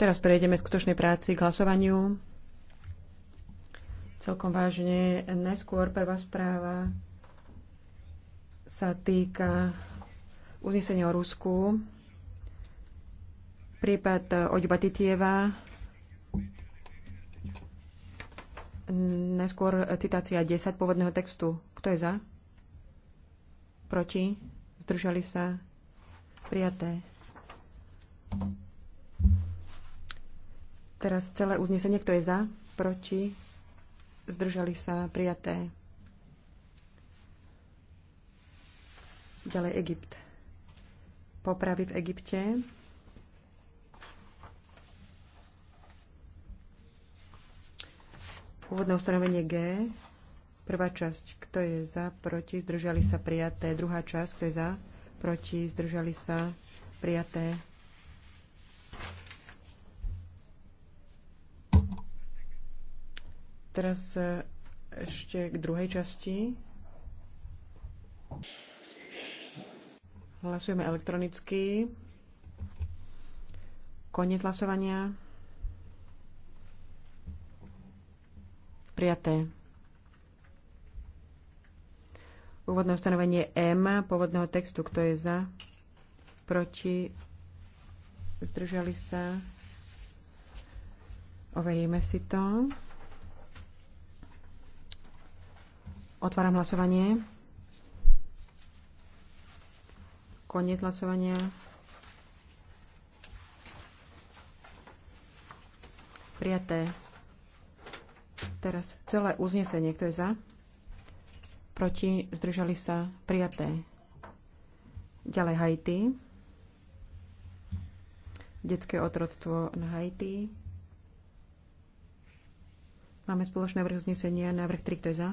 Teraz prejdeme k skutočnej práci, k hlasovaniu. Celkom vážne, najskôr prvá správa sa týka uznesenia o Rusku. Prípad Oďba Titieva. Najskôr citácia 10 pôvodného textu. Kto je za? Proti? Zdržali sa? Prijaté. Teraz celé uznesenie, kto je za, proti, zdržali sa, prijaté. Ďalej Egypt. Popravy v Egypte. Úvodné ustanovenie G. Prvá časť, kto je za, proti, zdržali sa, prijaté. Druhá časť, kto je za, proti, zdržali sa, prijaté. Teraz e, ešte k druhej časti. Hlasujeme elektronicky. Koniec hlasovania. Prijaté. Úvodné ustanovenie M pôvodného textu. Kto je za? Proti? Zdržali sa? Overíme si to. Otváram hlasovanie. Koniec hlasovania. Prijaté. Teraz celé uznesenie. Kto je za? Proti? Zdržali sa? Prijaté. Ďalej Haiti. Detské otroctvo na Haiti. Máme spoločné vrch uznesenia. Návrh 3. Kto je za?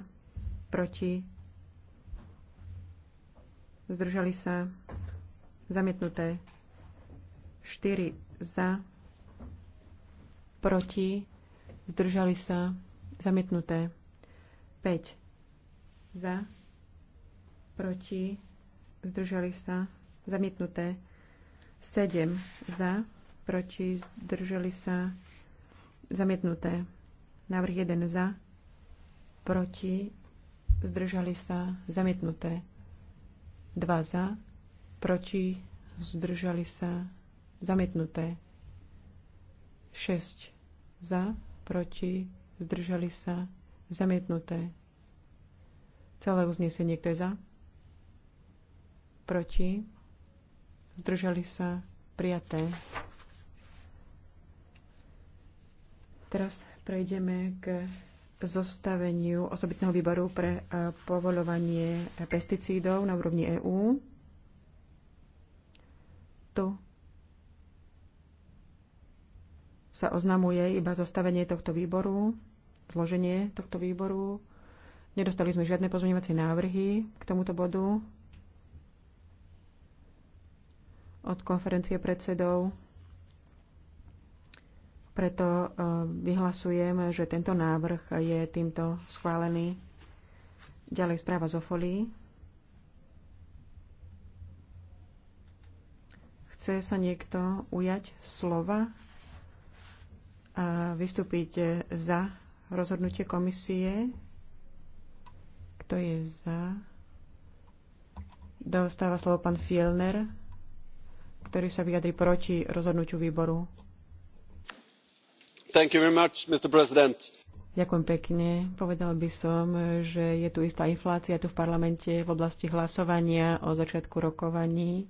proti, zdržali sa, zamietnuté 4 za, proti, zdržali sa, zamietnuté 5 za, proti, zdržali sa, zamietnuté 7 za, proti, zdržali sa, zamietnuté. Návrh 1 za, proti, zdržali sa, zamietnuté. 2 za, proti, zdržali sa, zamietnuté. 6 za, proti, zdržali sa, zamietnuté. Celé uznesenie, kto je za? Proti, zdržali sa, prijaté. Teraz prejdeme k zostaveniu osobitného výboru pre e, povolovanie pesticídov na úrovni EÚ. Tu sa oznamuje iba zostavenie tohto výboru, zloženie tohto výboru. Nedostali sme žiadne pozmeňovacie návrhy k tomuto bodu od konferencie predsedov. Preto e, vyhlasujem, že tento návrh je týmto schválený. Ďalej správa zo Ofolii. Chce sa niekto ujať slova a vystúpiť za rozhodnutie komisie? Kto je za? Dostáva slovo pán Fielner, ktorý sa vyjadri proti rozhodnutiu výboru. Ďakujem pekne. Povedal by som, že je tu istá inflácia tu v parlamente v oblasti hlasovania o začiatku rokovaní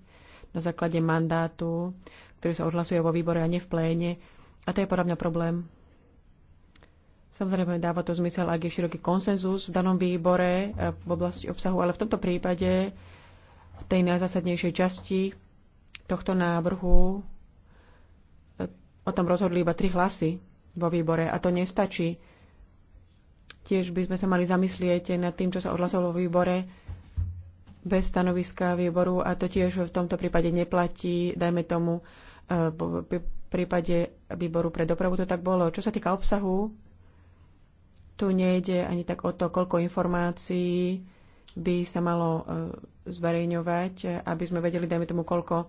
na základe mandátu, ktorý sa odhlasuje vo výbore a nie v pléne. A to je podľa mňa problém. Samozrejme, dáva to zmysel, ak je široký konsenzus v danom výbore eh, v oblasti obsahu, ale v tomto prípade v tej najzásadnejšej časti tohto návrhu eh, o tom rozhodli iba tri hlasy vo výbore a to nestačí. Tiež by sme sa mali zamyslieť nad tým, čo sa odhlasovalo vo výbore bez stanoviska výboru a to tiež v tomto prípade neplatí, dajme tomu, v e, prípade výboru pre dopravu to tak bolo. Čo sa týka obsahu, tu nejde ani tak o to, koľko informácií by sa malo e, zverejňovať, aby sme vedeli, dajme tomu, koľko e,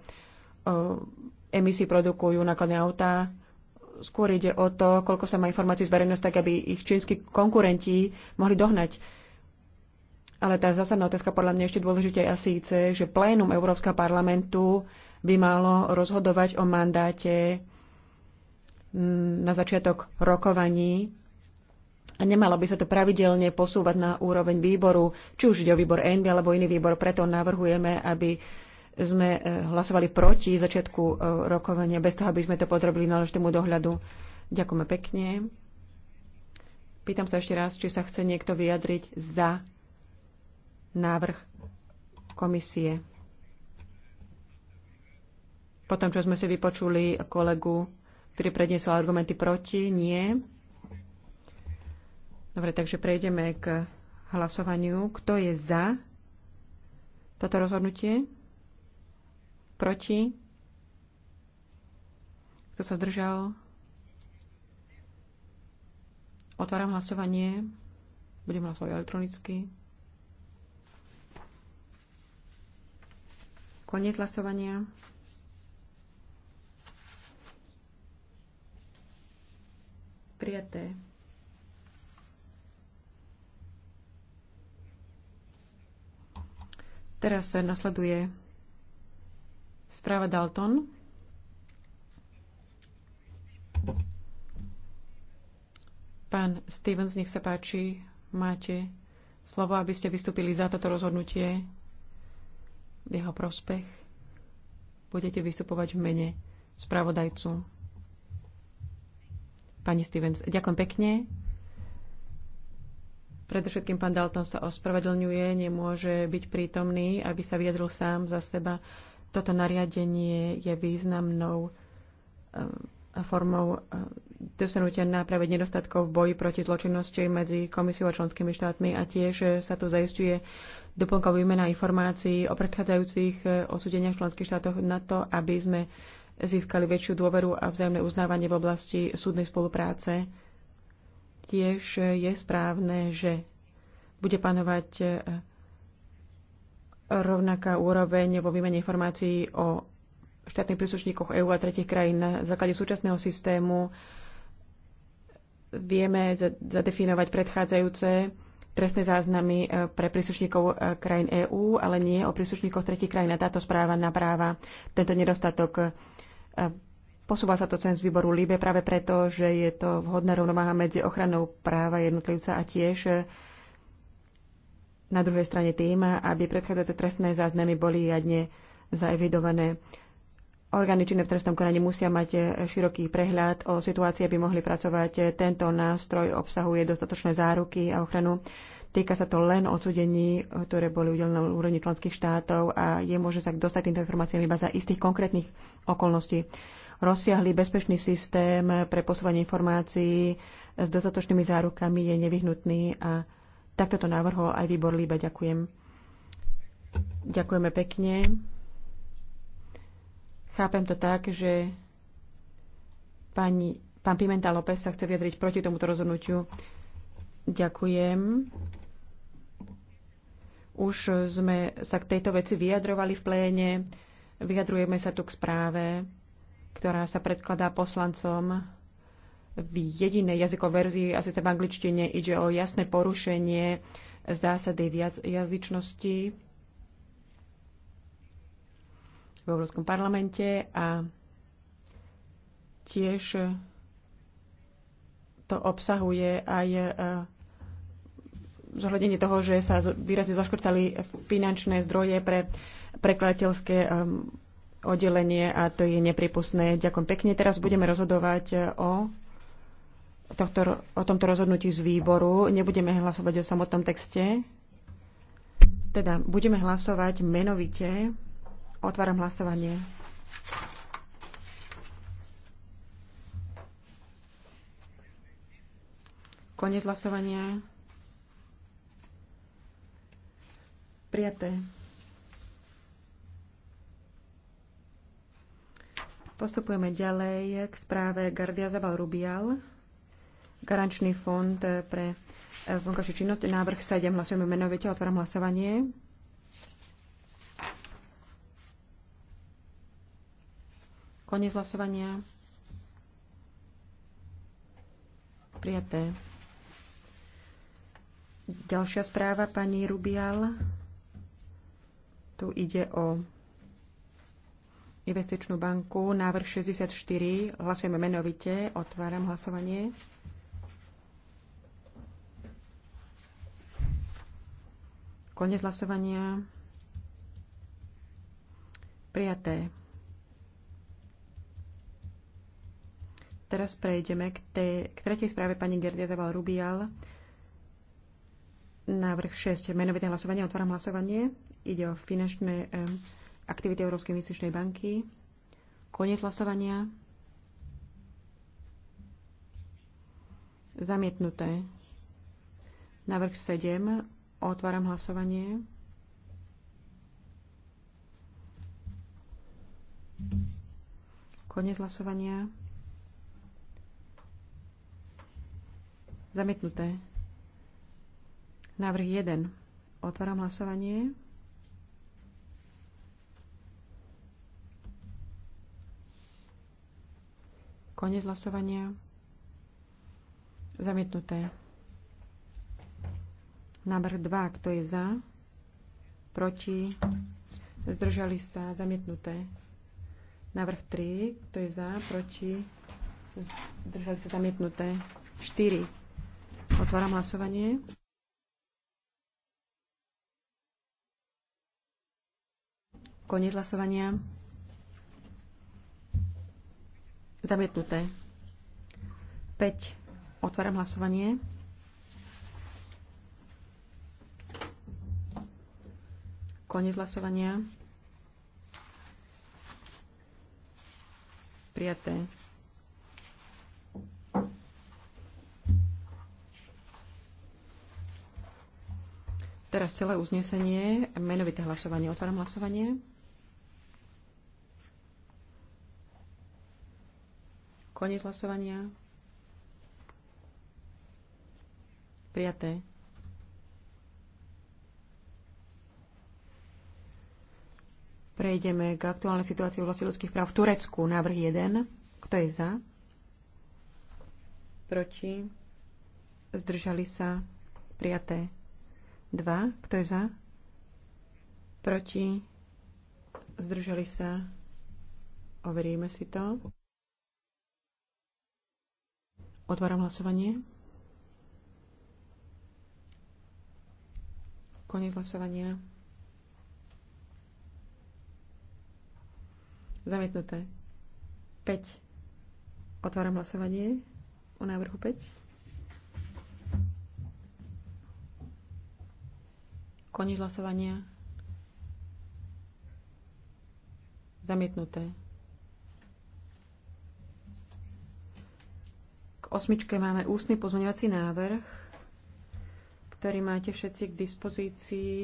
emisí produkujú nákladné autá Skôr ide o to, koľko sa má informácií z tak aby ich čínsky konkurenti mohli dohnať. Ale tá zásadná otázka podľa mňa ešte dôležitej a síce, že plénum Európskeho parlamentu by malo rozhodovať o mandáte mm, na začiatok rokovaní a nemalo by sa to pravidelne posúvať na úroveň výboru, či už ide o výbor ENVY alebo iný výbor. Preto navrhujeme, aby sme e, hlasovali proti začiatku e, rokovania, bez toho, aby sme to podrobili náležitému dohľadu. Ďakujeme pekne. Pýtam sa ešte raz, či sa chce niekto vyjadriť za návrh komisie. Potom, čo sme si vypočuli kolegu, ktorý predniesol argumenty proti, nie. Dobre, takže prejdeme k hlasovaniu. Kto je za toto rozhodnutie? Proti? Kto sa zdržal? Otváram hlasovanie. Budem hlasovať elektronicky. Koniec hlasovania. Prijaté. Teraz nasleduje Správa Dalton. Pán Stevens, nech sa páči, máte slovo, aby ste vystúpili za toto rozhodnutie v jeho prospech. Budete vystupovať v mene spravodajcu. Pani Stevens, ďakujem pekne. Predovšetkým pán Dalton sa ospravedlňuje, nemôže byť prítomný, aby sa vyjadril sám za seba. Toto nariadenie je významnou eh, formou eh, dosiahnutia náprave nedostatkov v boji proti zločinnosti medzi komisiou a členskými štátmi a tiež eh, sa tu zaistuje doplnková výmena informácií o predchádzajúcich osúdeniach v členských štátoch na to, aby sme získali väčšiu dôveru a vzájomné uznávanie v oblasti súdnej spolupráce. Tiež je správne, že bude panovať rovnaká úroveň vo výmene informácií o štátnych príslušníkoch EÚ a tretich krajín na základe súčasného systému vieme zadefinovať predchádzajúce trestné záznamy eh, pre príslušníkov eh, krajín EÚ, ale nie o príslušníkoch tretich krajín. A táto správa napráva tento nedostatok. Eh, posúva sa to cen z výboru LIBE práve preto, že je to vhodná rovnováha medzi ochranou práva jednotlivca a tiež na druhej strane tým, aby predchádzajúce trestné záznamy boli riadne zaevidované. Orgány činné v trestnom konaní musia mať široký prehľad o situácii, aby mohli pracovať. Tento nástroj obsahuje dostatočné záruky a ochranu. Týka sa to len odsudení, ktoré boli udelené na úrovni členských štátov a je môže sa dostať týmto informáciám iba za istých konkrétnych okolností. Rozsiahly bezpečný systém pre posúvanie informácií s dostatočnými zárukami je nevyhnutný a Takto to navrhol aj výbor Líbe. Ďakujem. Ďakujeme pekne. Chápem to tak, že pani, pán Pimenta López sa chce vyjadriť proti tomuto rozhodnutiu. Ďakujem. Už sme sa k tejto veci vyjadrovali v pléne. Vyjadrujeme sa tu k správe, ktorá sa predkladá poslancom v jedinej jazykovej verzii, a síce v angličtine, ide o jasné porušenie zásady viac jazyčnosti v Európskom parlamente a tiež to obsahuje aj e, zohľadenie toho, že sa výrazne zaškrtali finančné zdroje pre prekladateľské e, oddelenie a to je nepripustné. Ďakujem pekne. Teraz budeme rozhodovať e, o tohto, o tomto rozhodnutí z výboru. Nebudeme hlasovať o samotnom texte. Teda budeme hlasovať menovite. Otváram hlasovanie. Konec hlasovania. Prijaté. Postupujeme ďalej k správe Gardia Zabal Rubial. Garančný fond eh, pre eh, vonkajšiu činnosť. Návrh 7. Hlasujeme menovite. Otváram hlasovanie. Koniec hlasovania. Prijaté. Ďalšia správa pani Rubial. Tu ide o investičnú banku. Návrh 64. Hlasujeme menovite. Otváram hlasovanie. Konec hlasovania. Prijaté. Teraz prejdeme k, té, k tretej správe pani Gerdia Zaval Rubial. Návrh 6. Menovité hlasovanie. Otváram hlasovanie. Ide o finančné um, aktivity Európskej investičnej banky. Koniec hlasovania. Zamietnuté. Návrh 7. Otváram hlasovanie. Konec hlasovania. Zamietnuté. Návrh 1. Otváram hlasovanie. Konec hlasovania. Zamietnuté. Návrh 2. Kto je za? Proti? Zdržali sa? Zamietnuté. Návrh 3. Kto je za? Proti? Zdržali sa? Zamietnuté. 4. Otváram hlasovanie. Koniec hlasovania. Zamietnuté. 5. Otváram hlasovanie. Konec hlasovania. Prijaté. Teraz celé uznesenie, menovité hlasovanie. Otváram hlasovanie. Koniec hlasovania. Prijaté. Prejdeme k aktuálnej situácii v oblasti ľudských práv v Turecku. Návrh 1. Kto je za? Proti? Zdržali sa? Prijaté. 2. Kto je za? Proti? Zdržali sa? Overíme si to. Otváram hlasovanie. Koniec hlasovania. Zamietnuté. 5. Otváram hlasovanie o návrhu 5. Koniec hlasovania. Zamietnuté. K osmičke máme ústny pozmeňovací návrh, ktorý máte všetci k dispozícii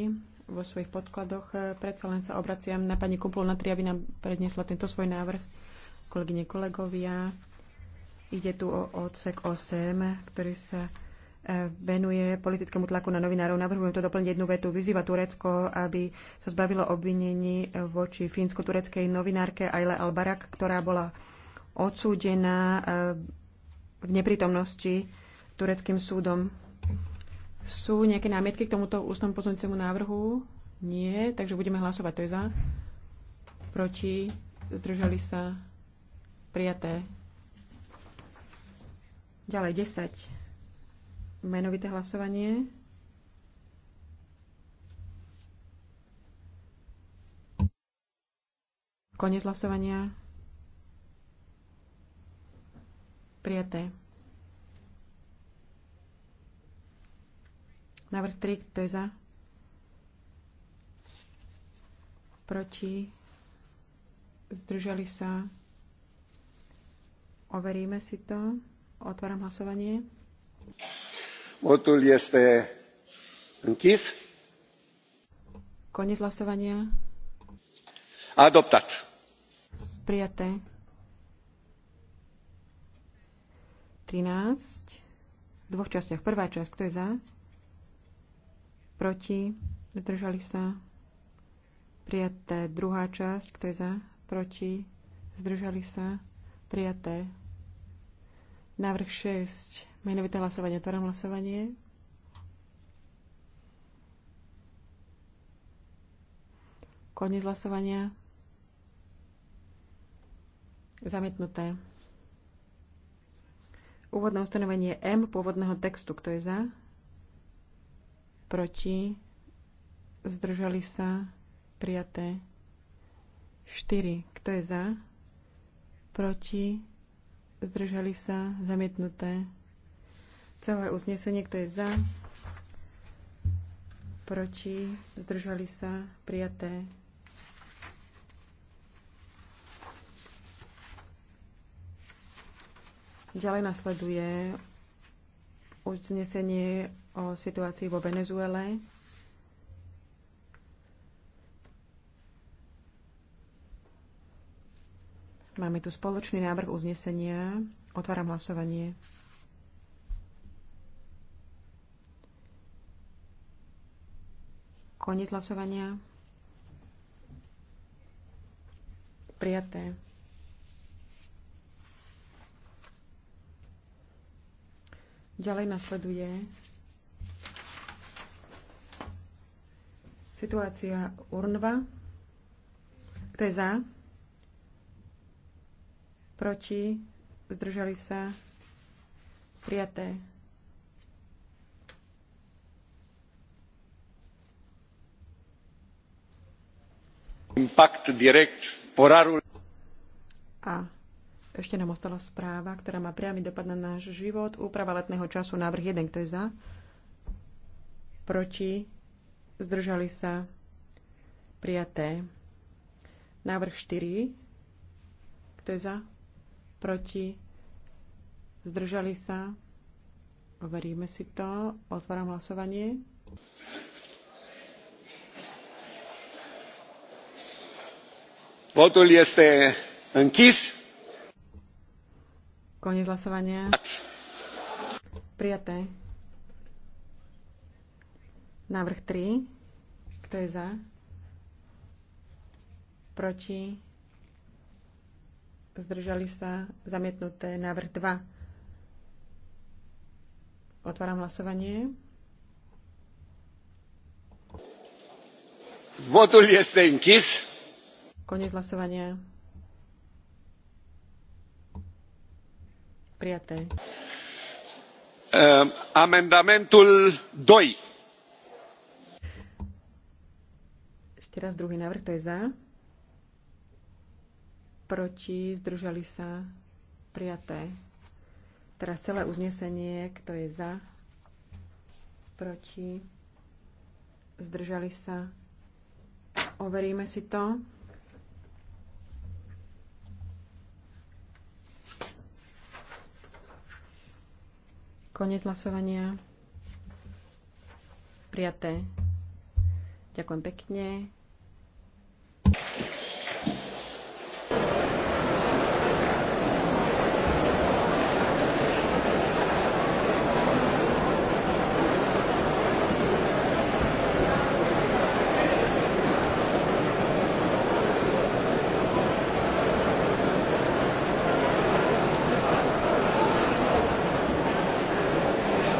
vo svojich podkladoch. E, predsa len sa obraciam na pani Kumpul na aby nám predniesla tento svoj návrh. Kolegyne, kolegovia, ide tu o odsek 8, ktorý sa e, venuje politickému tlaku na novinárov. Navrhujem to doplniť jednu vetu. Vyzýva Turecko, aby sa zbavilo obvinení voči fínsko-tureckej novinárke Aile Albarak, ktorá bola odsúdená e, v neprítomnosti tureckým súdom. Sú nejaké námietky k tomuto ústnom pozornicemu návrhu? Nie, takže budeme hlasovať. To je za. Proti. Zdržali sa. Prijaté. Ďalej 10. Menovité hlasovanie. Konec hlasovania. Prijaté. Návrh 3, kto je za? Proti? Zdržali sa? Overíme si to. Otváram hlasovanie. Votul este închis. Koniec hlasovania. Adoptat. Prijaté. 13. V dvoch častiach. Prvá časť, kto je za? proti, zdržali sa, prijaté. Druhá časť, kto je za, proti, zdržali sa, prijaté. Návrh 6, menovité hlasovanie, otváram hlasovanie. Koniec hlasovania. Zamietnuté. Úvodné ustanovenie M pôvodného textu. Kto je za? proti, zdržali sa, prijaté. 4. Kto je za? Proti, zdržali sa, zamietnuté. Celé uznesenie, kto je za? Proti, zdržali sa, prijaté. Ďalej nasleduje uznesenie o situácii vo Venezuele. Máme tu spoločný návrh uznesenia. Otváram hlasovanie. Koniec hlasovania. Prijaté. Ďalej nasleduje situácia Urnva. Kto je za? Proti? Zdržali sa? Prijaté. Impact direct, poraru. A ešte nám ostala správa, ktorá má priamy dopad na náš život. Úprava letného času, návrh 1, kto je za? Proti? Zdržali sa? Prijaté. Návrh 4, kto je za? Proti? Zdržali sa? Overíme si to. Otváram hlasovanie. Votul este închis. Koniec hlasovania. Prijaté. Návrh 3. Kto je za? Proti? Zdržali sa? Zamietnuté. Návrh 2. Otváram hlasovanie. Votul este închis. Koniec hlasovania. Prijaté. Ehm, amendamentul Ešte raz druhý návrh, to je za. Proti, zdržali sa. Prijaté. Teraz celé uznesenie, kto je za. Proti, zdržali sa. Overíme si to. Konec hlasovania. Prijaté. Ďakujem pekne.